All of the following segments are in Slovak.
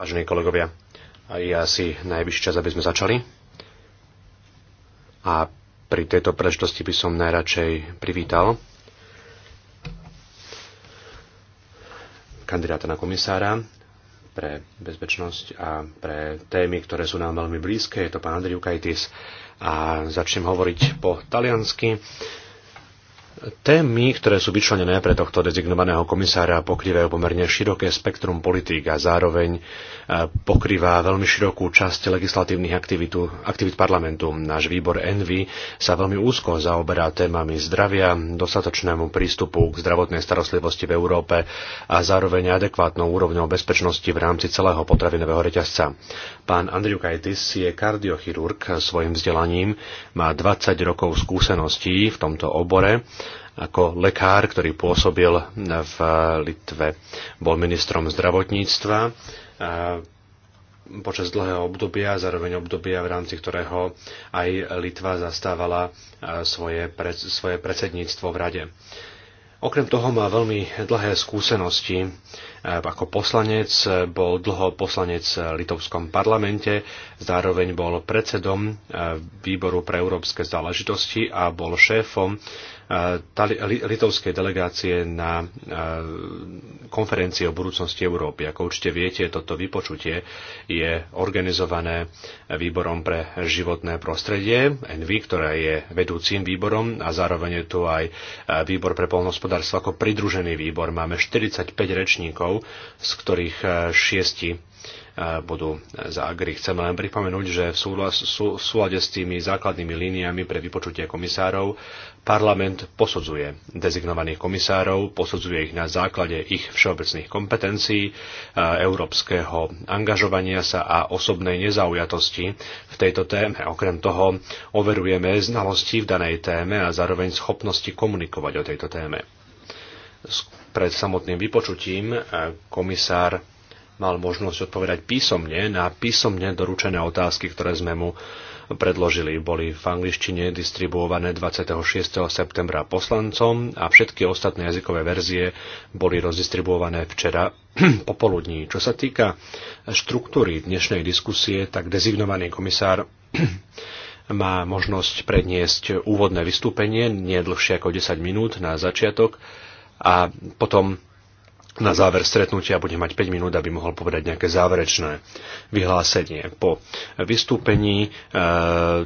Vážení kolegovia, je asi najvyšší čas, aby sme začali. A pri tejto prežitosti by som najradšej privítal kandidáta na komisára pre bezpečnosť a pre témy, ktoré sú nám veľmi blízke. Je to pán Andriu Kajtis a začnem hovoriť po taliansky Témy, ktoré sú vyčlenené pre tohto dezignovaného komisára, pokrývajú pomerne široké spektrum politík a zároveň e, pokrýva veľmi širokú časť legislatívnych aktivitu, aktivít parlamentu. Náš výbor ENVY sa veľmi úzko zaoberá témami zdravia, dostatočnému prístupu k zdravotnej starostlivosti v Európe a zároveň adekvátnou úrovňou bezpečnosti v rámci celého potravinového reťazca. Pán Andriu Kajtis je kardiochirurg svojim vzdelaním, má 20 rokov skúseností v tomto obore ako lekár, ktorý pôsobil v Litve. Bol ministrom zdravotníctva počas dlhého obdobia, zároveň obdobia, v rámci ktorého aj Litva zastávala svoje, svoje predsedníctvo v Rade. Okrem toho má veľmi dlhé skúsenosti. Eh, ako poslanec bol dlho poslanec v litovskom parlamente, zároveň bol predsedom eh, výboru pre európske záležitosti a bol šéfom eh, litovskej delegácie na konferencie o budúcnosti Európy. Ako určite viete, toto vypočutie je organizované výborom pre životné prostredie, ENVI, ktoré je vedúcim výborom a zároveň je tu aj výbor pre polnospodárstvo hospodárstvo ako pridružený výbor. Máme 45 rečníkov, z ktorých 6 e, e, budú za Agri. Chcem len pripomenúť, že v súlade s tými základnými líniami pre vypočutie komisárov parlament posudzuje dezignovaných komisárov, posudzuje ich na základe ich všeobecných kompetencií, e, európskeho angažovania sa a osobnej nezaujatosti v tejto téme. Okrem toho overujeme znalosti v danej téme a zároveň schopnosti komunikovať o tejto téme pred samotným vypočutím e, komisár mal možnosť odpovedať písomne na písomne doručené otázky, ktoré sme mu predložili. Boli v angličtine distribuované 26. septembra poslancom a všetky ostatné jazykové verzie boli rozdistribuované včera popoludní. Čo sa týka štruktúry dnešnej diskusie, tak dezignovaný komisár má možnosť predniesť úvodné vystúpenie, nie dlhšie ako 10 minút na začiatok, a potom na záver stretnutia bude mať 5 minút, aby mohol povedať nejaké záverečné vyhlásenie. Po vystúpení e,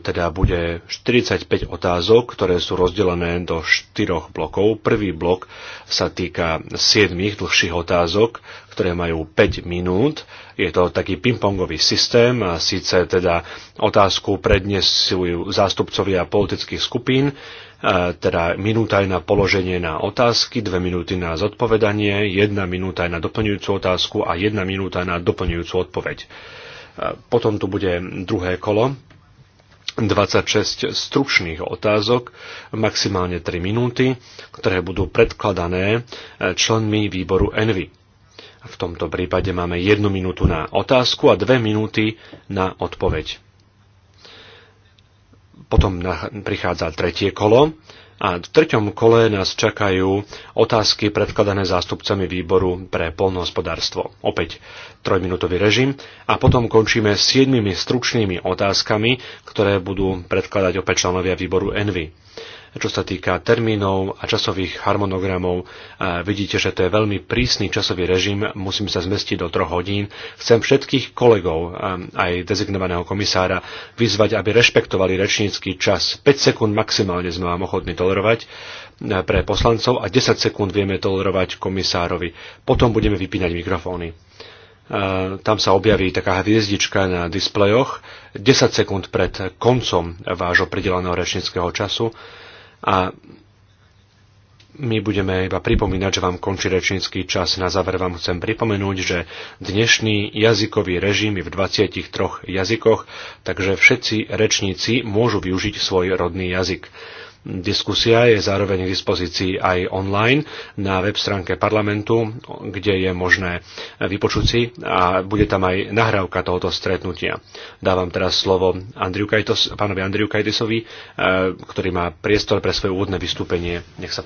teda bude 45 otázok, ktoré sú rozdelené do 4 blokov. Prvý blok sa týka 7 dlhších otázok, ktoré majú 5 minút. Je to taký pingpongový systém, a síce teda otázku prednesujú zástupcovia politických skupín, teda minúta aj na položenie na otázky, dve minúty na zodpovedanie, jedna minúta aj na doplňujúcu otázku a jedna minúta na doplňujúcu odpoveď. Potom tu bude druhé kolo, 26 stručných otázok, maximálne 3 minúty, ktoré budú predkladané e, členmi výboru Envy. V tomto prípade máme jednu minútu na otázku a dve minúty na odpoveď. Potom prichádza tretie kolo a v treťom kole nás čakajú otázky predkladané zástupcami výboru pre polnohospodárstvo. Opäť trojminútový režim a potom končíme s siedmimi stručnými otázkami, ktoré budú predkladať opäť členovia výboru Envy čo sa týka termínov a časových harmonogramov. Vidíte, že to je veľmi prísny časový režim, musím sa zmestiť do troch hodín. Chcem všetkých kolegov, aj dezignovaného komisára, vyzvať, aby rešpektovali rečnícky čas. 5 sekúnd maximálne sme vám ochotní tolerovať pre poslancov a 10 sekúnd vieme tolerovať komisárovi. Potom budeme vypínať mikrofóny tam sa objaví taká hviezdička na displejoch 10 sekúnd pred koncom vášho prideleného rečnického času a my budeme iba pripomínať, že vám končí rečnícky čas. Na záver vám chcem pripomenúť, že dnešný jazykový režim je v 23 jazykoch, takže všetci rečníci môžu využiť svoj rodný jazyk. Diskusia je zároveň k dispozícii aj online na web stránke parlamentu, kde je možné vypočuť si a bude tam aj nahrávka tohoto stretnutia. Dávam teraz slovo Andriu Kajtos, pánovi Andriu Kajtisovi, eh, ktorý má priestor pre svoje úvodné vystúpenie. Nech sa